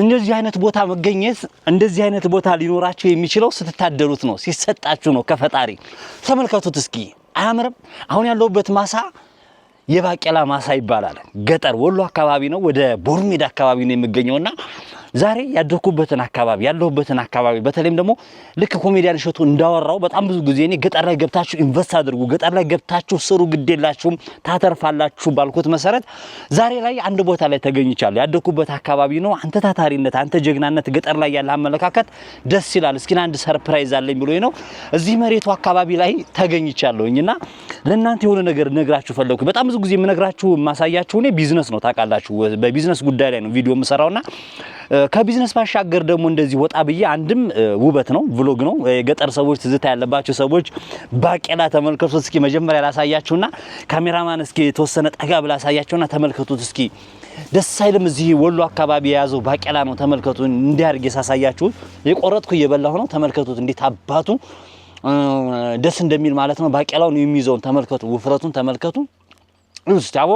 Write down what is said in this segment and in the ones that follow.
እንደዚህ አይነት ቦታ መገኘት እንደዚህ አይነት ቦታ ሊኖራቸው የሚችለው ስትታደሉት ነው፣ ሲሰጣችሁ ነው ከፈጣሪ። ተመልከቱት እስኪ አያምርም? አሁን ያለሁበት ማሳ የባቄላ ማሳ ይባላል። ገጠር ወሎ አካባቢ ነው፣ ወደ ቦርሜዳ አካባቢ ነው የምገኘውና ዛሬ ያደኩበትን አካባቢ ያለሁበትን አካባቢ በተለይም ደግሞ ልክ ኮሜዲያን እሸቱ እንዳወራው በጣም ብዙ ጊዜ እኔ ገጠር ላይ ገብታችሁ ኢንቨስት አድርጉ፣ ገጠር ላይ ገብታችሁ ስሩ፣ ግዴላችሁም ታተርፋላችሁ ባልኩት መሰረት ዛሬ ላይ አንድ ቦታ ላይ ተገኝቻለሁ። ያደኩበት አካባቢ ነው። አንተ ታታሪነት፣ አንተ ጀግናነት፣ ገጠር ላይ ያለ አመለካከት ደስ ይላል። እስኪ አንድ ሰርፕራይዝ አለኝ ብሎ ነው እዚህ መሬቱ አካባቢ ላይ ተገኝቻለሁኝ እና ለእናንተ የሆነ ነገር ነግራችሁ ፈለግኩ። በጣም ብዙ ጊዜ የምነግራችሁ የማሳያችሁ እኔ ቢዝነስ ነው ታውቃላችሁ። በቢዝነስ ጉዳይ ላይ ነው ቪዲዮ የምሰራውና ከቢዝነስ ባሻገር ደግሞ እንደዚህ ወጣ ብዬ አንድም ውበት ነው፣ ቭሎግ ነው። የገጠር ሰዎች ትዝታ ያለባቸው ሰዎች ባቄላ ተመልከቱት እስኪ። መጀመሪያ ላሳያችሁና ካሜራማን እስኪ የተወሰነ ጠጋ ብላ ላሳያችሁና ተመልከቱት እስኪ። ደስ አይልም? እዚህ ወሎ አካባቢ የያዘው ባቄላ ነው። ተመልከቱ። እንዲያርግ የሳሳያችሁት የቆረጥኩ እየበላሁ ነው። ተመልከቱት እንዴት አባቱ ደስ እንደሚል ማለት ነው። ባቄላውን የሚይዘውን ተመልከቱ፣ ውፍረቱን ተመልከቱ። እስቲ አቦ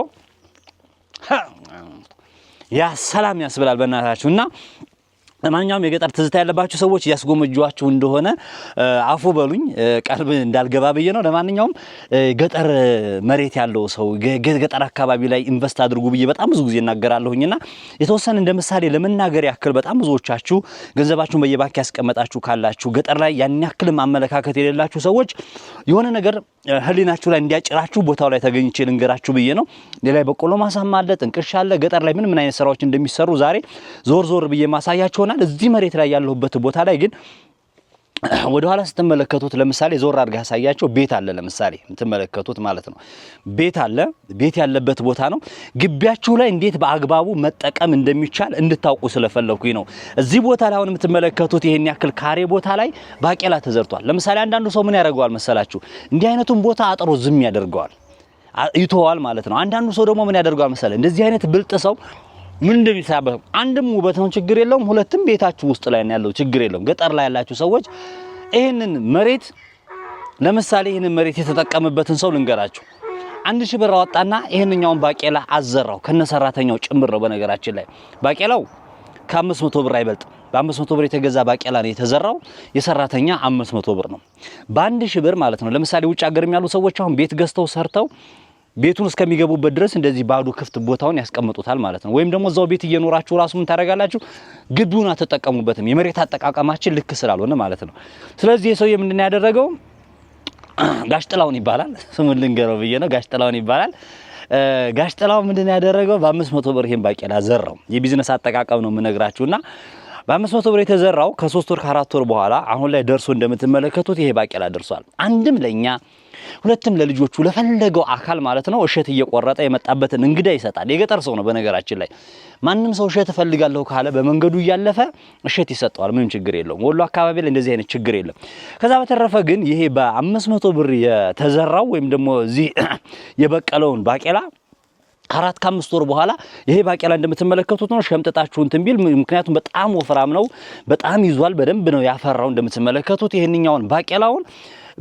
ያ ሰላም ያስብላል በእናታችሁ እና ለማንኛውም የገጠር ትዝታ ያለባቸው ሰዎች እያስጎመጇችሁ እንደሆነ አፉ በሉኝ፣ ቀልብ እንዳልገባ ብዬ ነው። ለማንኛውም ገጠር መሬት ያለው ሰው ገጠር አካባቢ ላይ ኢንቨስት አድርጉ ብዬ በጣም ብዙ ጊዜ እናገራለሁኝና የተወሰነ እንደ ምሳሌ ለመናገር ያክል በጣም ብዙዎቻችሁ ገንዘባችሁን በየባንክ ያስቀመጣችሁ ካላችሁ፣ ገጠር ላይ ያን ያክልም አመለካከት የሌላችሁ ሰዎች የሆነ ነገር ህሊናችሁ ላይ እንዲያጭራችሁ ቦታው ላይ ተገኝቼ ልንገራችሁ ብዬ ነው። ሌላ በቆሎ ማሳማ አለ፣ ጥንቅሻ አለ። ገጠር ላይ ምን ምን አይነት ስራዎች እንደሚሰሩ ዛሬ ዞር ዞር ብዬ ማሳያችሁ ይሆናል። እዚህ መሬት ላይ ያለሁበት ቦታ ላይ ግን ወደ ኋላ ስትመለከቱት ለምሳሌ ዞር አድርጋ ያሳያቸው ቤት አለ። ለምሳሌ የምትመለከቱት ማለት ነው ቤት አለ። ቤት ያለበት ቦታ ነው። ግቢያችሁ ላይ እንዴት በአግባቡ መጠቀም እንደሚቻል እንድታውቁ ስለፈለኩኝ ነው። እዚህ ቦታ ላይ አሁን የምትመለከቱት ይሄን ያክል ካሬ ቦታ ላይ ባቄላ ተዘርቷል። ለምሳሌ አንዳንዱ ሰው ምን ያደርገዋል መሰላችሁ? እንዲህ አይነቱን ቦታ አጥሮ ዝም ያደርገዋል፣ ይተዋል ማለት ነው። አንዳንዱ ሰው ደግሞ ምን ያደርገዋል መሰለ እንደዚህ አይነት ብልጥ ሰው ምን እንደሚሳበህ አንድም ውበት ነው ችግር የለውም። ሁለትም ቤታችሁ ውስጥ ላይ ነው ያለው ችግር የለውም። ገጠር ላይ ያላችሁ ሰዎች ይህንን መሬት ለምሳሌ ይህንን መሬት የተጠቀምበትን ሰው ልንገራችሁ። አንድ ሺህ ብር አወጣና ይህንኛውን ባቄላ አዘራው ከነ ሰራተኛው ጭምር ነው። በነገራችን ላይ ባቄላው ከአምስት መቶ ብር አይበልጥም። በአምስት መቶ ብር የተገዛ ባቄላ ነው የተዘራው። የሰራተኛ አምስት መቶ ብር ነው። በአንድ ሺህ ብር ማለት ነው። ለምሳሌ ውጭ ሀገርም ያሉ ሰዎች አሁን ቤት ገዝተው ሰርተው ቤቱን እስከሚገቡበት ድረስ እንደዚህ ባዶ ክፍት ቦታውን ያስቀምጡታል ማለት ነው። ወይም ደግሞ እዛው ቤት እየኖራችሁ ራሱ ምን ታደርጋላችሁ? ግቢውን አትጠቀሙበትም። የመሬት አጠቃቀማችን ልክ ስላልሆነ ማለት ነው። ስለዚህ የሰውዬ ምንድን ያደረገው ጋሽጥላውን ይባላል። ስሙን ልንገረው ብዬ ነው። ጋሽጥላውን ይባላል። ጋሽጥላው ምንድን ያደረገው በአምስት መቶ ብር ይሄን ባቄላ ዘራው። የቢዝነስ አጠቃቀም ነው የምነግራችሁና በአምስት መቶ ብር የተዘራው ከሶስት ወር ከአራት ወር በኋላ አሁን ላይ ደርሶ እንደምትመለከቱት ይሄ ባቄላ ደርሷል። አንድም ለእኛ ሁለትም ለልጆቹ ለፈለገው አካል ማለት ነው። እሸት እየቆረጠ የመጣበትን እንግዳ ይሰጣል። የገጠር ሰው ነው በነገራችን ላይ ማንም ሰው እሸት እፈልጋለሁ ካለ በመንገዱ እያለፈ እሸት ይሰጠዋል። ምንም ችግር የለውም። ወሎ አካባቢ ላይ እንደዚህ አይነት ችግር የለም። ከዛ በተረፈ ግን ይሄ በአምስት መቶ ብር የተዘራው ወይም ደግሞ እዚህ የበቀለውን ባቄላ ከአራት ከአምስት ወር በኋላ ይሄ ባቄላ እንደምትመለከቱት ነው። ሸምጥጣችሁ እንትን ቢል ምክንያቱም በጣም ወፍራም ነው፣ በጣም ይዟል፣ በደንብ ነው ያፈራው። እንደምትመለከቱት ይህንኛውን ባቄላውን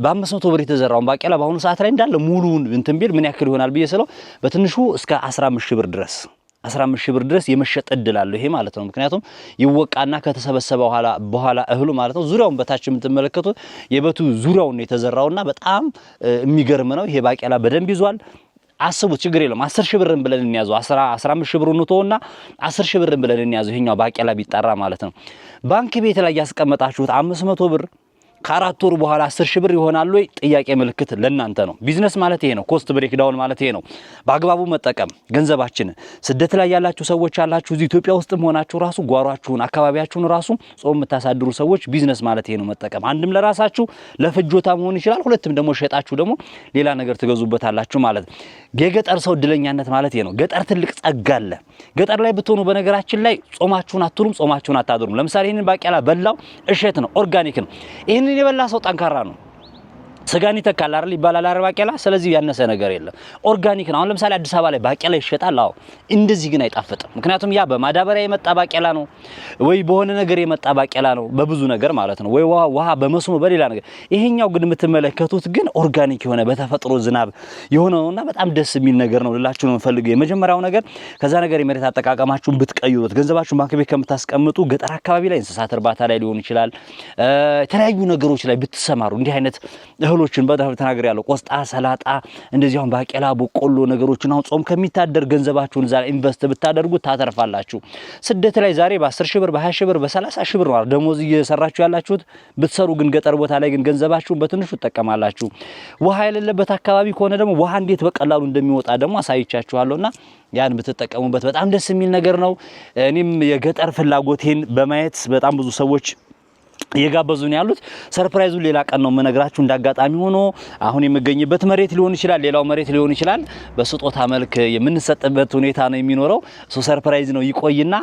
በአምስት መቶ ብር የተዘራውን ባቄላ በአሁኑ ሰዓት ላይ እንዳለ ሙሉውን እንትን ቢል ምን ያክል ይሆናል ብዬ ስለው በትንሹ እስከ 15 ሺህ ብር ድረስ 15 ሺህ ብር ድረስ የመሸጥ እድል አለው ይሄ ማለት ነው። ምክንያቱም ይወቃና ከተሰበሰበ በኋላ በኋላ እህሉ ማለት ነው ዙሪያውን በታች የምትመለከቱት የበቱ ዙሪያውን የተዘራውና በጣም የሚገርም ነው። ይሄ ባቄላ በደንብ ይዟል። አስቡት። ችግር የለውም። አስር ሺህ ብርን ብለን እንያዘው፣ አስራ አምስት ሺህ ብሩን ተወና አስር ሺህ ብርን ብለን እንያዘው። ይሄኛው ባቄላ ቢጠራ ማለት ነው። ባንክ ቤት ላይ ያስቀመጣችሁት አምስት መቶ ብር ከአራት ወር በኋላ አስር ሺህ ብር ይሆናሉ ወይ? ጥያቄ ምልክት ለእናንተ ነው። ቢዝነስ ማለት ይሄ ነው። ኮስት ብሬክ ዳውን ማለት ይሄ ነው። በአግባቡ መጠቀም ገንዘባችን ስደት ላይ ያላችሁ ሰዎች አላችሁ፣ እዚህ ኢትዮጵያ ውስጥም ሆናችሁ ራሱ ጓሯችሁን፣ አካባቢያችሁን ራሱ ጾም የምታሳድሩ ሰዎች ቢዝነስ ማለት ይሄ ነው። መጠቀም አንድም ለራሳችሁ ለፍጆታ መሆን ይችላል፣ ሁለትም ደግሞ ሸጣችሁ ደግሞ ሌላ ነገር ትገዙበታላችሁ ማለት የገጠር ሰው እድለኛነት ማለት ይሄ ነው። ገጠር ትልቅ ጸጋ አለ። ገጠር ላይ ብትሆኑ በነገራችን ላይ ጾማችሁን አትሉም፣ ጾማችሁን አታድሩም። ለምሳሌ ይህንን ባቄላ በላው እሸት ነው፣ ኦርጋኒክ ነው። ይህን ያንን የበላ ሰው ጠንካራ ነው። ስጋን ይተካል አይደል ይባላል አይደል ባቄላ። ስለዚህ ያነሰ ነገር የለም። ኦርጋኒክ ነው። አሁን ለምሳሌ አዲስ አበባ ላይ ባቄላ ይሸጣል። አዎ፣ እንደዚህ ግን አይጣፍጥም። ምክንያቱም ያ በማዳበሪያ የመጣ ባቄላ ነው ወይ በሆነ ነገር የመጣ ባቄላ ነው፣ በብዙ ነገር ማለት ነው ወይ ውሃ ውሃ በመስኖ በሌላ ነገር። ይሄኛው ግን የምትመለከቱት ግን ኦርጋኒክ የሆነ በተፈጥሮ ዝናብ የሆነ ነውና በጣም ደስ የሚል ነገር ነው ልላችሁ ነው የምፈልገው። የመጀመሪያው ነገር ከዛ ነገር የመሬት አጠቃቀማችሁን ብትቀይሩት፣ ገንዘባችሁን ባንክ ቤት ከምታስቀምጡ ገጠር አካባቢ ላይ እንስሳት እርባታ ላይ ሊሆን ይችላል የተለያዩ ነገሮች ላይ ብትሰማሩ እንዲህ አይነት እህል እህሎችን በደንብ ተናገር ያለው ቆስጣ፣ ሰላጣ እንደዚህ አሁን ባቄላ፣ በቆሎ ነገሮችን አሁን ጾም ከሚታደር ገንዘባችሁን እዛ ላይ ኢንቨስት ብታደርጉ ታተርፋላችሁ። ስደት ላይ ዛሬ በ10 ሺህ ብር፣ በ20 ሺህ ብር፣ በ30 ሺህ ብር ነው ደሞዝ እየሰራችሁ ያላችሁት። ብትሰሩ ግን ገጠር ቦታ ላይ ግን ገንዘባችሁን በትንሹ ትጠቀማላችሁ። ውሃ የሌለበት አካባቢ ከሆነ ደግሞ ውሃ እንዴት በቀላሉ እንደሚወጣ ደግሞ አሳይቻችኋለሁና ያን ብትጠቀሙበት በጣም ደስ የሚል ነገር ነው። እኔም የገጠር ፍላጎቴን በማየት በጣም ብዙ ሰዎች እየጋበዙን ያሉት ሰርፕራይዙ ሌላ ቀን ነው የምነግራችሁ። እንዳጋጣሚ ሆኖ አሁን የምገኝበት መሬት ሊሆን ይችላል፣ ሌላው መሬት ሊሆን ይችላል። በስጦታ መልክ የምንሰጥበት ሁኔታ ነው የሚኖረው። እሱ ሰርፕራይዝ ነው ይቆይና፣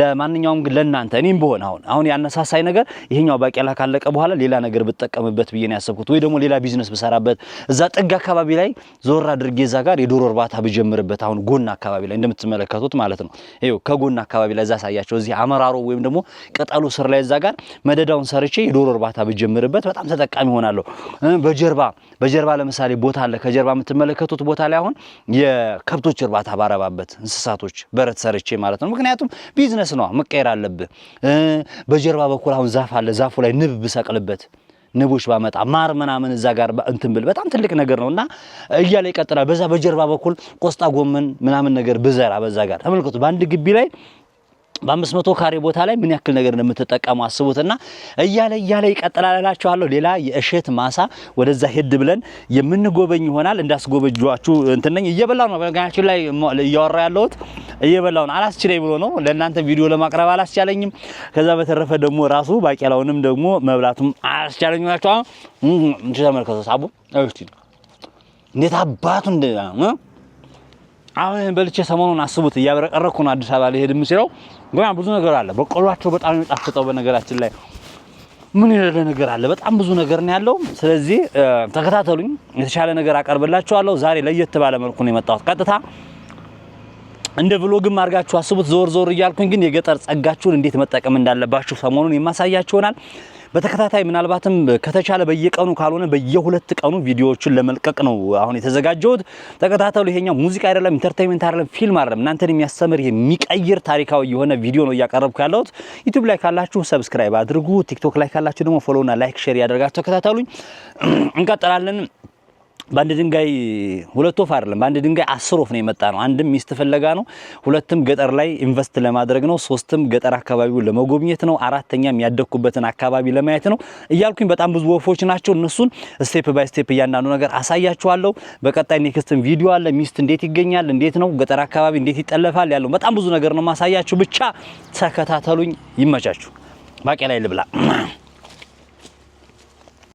ለማንኛውም ግን ለእናንተ እኔም ብሆን አሁን አሁን ያነሳሳይ ነገር ይሄኛው ባቄላ ካለቀ በኋላ ሌላ ነገር ብጠቀምበት ብዬ ነው ያሰብኩት፣ ወይ ደግሞ ሌላ ቢዝነስ ብሰራበት እዛ ጥግ አካባቢ ላይ ዞር አድርጌ እዛ ጋር የዶሮ እርባታ ብጀምርበት፣ አሁን ጎን አካባቢ ላይ እንደምትመለከቱት ማለት ነው። ይኸው ከጎን አካባቢ ላይ እዛ ሳያቸው እዚህ አመራሮ ወይም ደግሞ ቅጠሉ ስር ላይ እዛ ጋር መደዳውን ስራውን ሰርቼ የዶሮ እርባታ ብጀምርበት በጣም ተጠቃሚ ሆናለሁ። በጀርባ በጀርባ ለምሳሌ ቦታ አለ። ከጀርባ የምትመለከቱት ቦታ ላይ አሁን የከብቶች እርባታ ባረባበት እንስሳቶች በረት ሰርቼ ማለት ነው። ምክንያቱም ቢዝነስ ነው መቀየር አለብህ። በጀርባ በኩል አሁን ዛፍ አለ። ዛፉ ላይ ንብ ብሰቅልበት ንቦች ባመጣ ማር ምናምን እዛ ጋር እንትን ብል በጣም ትልቅ ነገር ነው እና እያለ ይቀጥላል። በዛ በጀርባ በኩል ቆስጣ፣ ጎመን ምናምን ነገር ብዘራ በዛ ጋር ተመልከቱ በአንድ ግቢ ላይ በአምስት መቶ ካሬ ቦታ ላይ ምን ያክል ነገር እንደምትጠቀሙ አስቡትና እያለ እያለ ይቀጥላል ሌላ የእሸት ማሳ ወደዛ ሄድ ብለን የምንጎበኝ ይሆናል። እንዳስጎበጇችሁ እንትነኝ እየበላው ነው በነገራችን ላይ እያወራ ያለሁት እየበላው ነው። አላስችለኝ ብሎ ነው ለእናንተ ቪዲዮ ለማቅረብ አላስቻለኝም። ከዛ በተረፈ ደግሞ ራሱ ባቄላውንም ደግሞ መብላቱም አላስቻለኝ ናቸው። ተመልከቶ ሳቡ እንዴት አባቱ እንደ አሁን በልቼ ሰሞኑን አስቡት እያብረቀረኩ ነው አዲስ አበባ ሊሄድ የምችለው ገና ብዙ ነገር አለ። በቆሏቸው በጣም የሚጣፍጠው በነገራችን ላይ ምን የሌለ ነገር አለ። በጣም ብዙ ነገር ነው ያለው። ስለዚህ ተከታተሉኝ፣ የተሻለ ነገር አቀርብላችኋለሁ። ዛሬ ለየት ባለ መልኩ ነው የመጣሁት። ቀጥታ እንደ ብሎግም አድርጋችሁ አስቡት። ዞር ዞር እያልኩኝ ግን የገጠር ጸጋችሁን እንዴት መጠቀም እንዳለባችሁ ሰሞኑን የማሳያችሁ ይሆናል። በተከታታይ ምናልባትም ከተቻለ በየቀኑ ካልሆነ በየሁለት ቀኑ ቪዲዮዎችን ለመልቀቅ ነው አሁን የተዘጋጀሁት። ተከታተሉ። ይሄኛው ሙዚቃ አይደለም፣ ኢንተርቴንመንት አይደለም፣ ፊልም አይደለም። እናንተን የሚያስተምር የሚቀይር ታሪካዊ የሆነ ቪዲዮ ነው እያቀረብኩ ያለሁት። ዩቲዩብ ላይ ካላችሁ ሰብስክራይብ አድርጉ። ቲክቶክ ላይ ካላችሁ ደግሞ ፎሎውና ላይክ፣ ሼር ያደርጋችሁ ተከታተሉኝ። እንቀጥላለን። በአንድ ድንጋይ ሁለት ወፍ አይደለም፣ በአንድ ድንጋይ አስር ወፍ ነው የመጣ ነው። አንድም ሚስት ፍለጋ ነው፣ ሁለትም ገጠር ላይ ኢንቨስት ለማድረግ ነው፣ ሶስትም ገጠር አካባቢውን ለመጎብኘት ነው፣ አራተኛም ያደግኩበትን አካባቢ ለማየት ነው እያልኩኝ በጣም ብዙ ወፎች ናቸው። እነሱን ስቴፕ ባይ ስቴፕ እያንዳንዱ ነገር አሳያችኋለሁ። በቀጣይ ኔክስትም ቪዲዮ አለ። ሚስት እንዴት ይገኛል፣ እንዴት ነው ገጠር አካባቢ እንዴት ይጠለፋል ያለው በጣም ብዙ ነገር ነው ማሳያችሁ። ብቻ ተከታተሉኝ። ይመቻችሁ። ባቄ ላይ ልብላ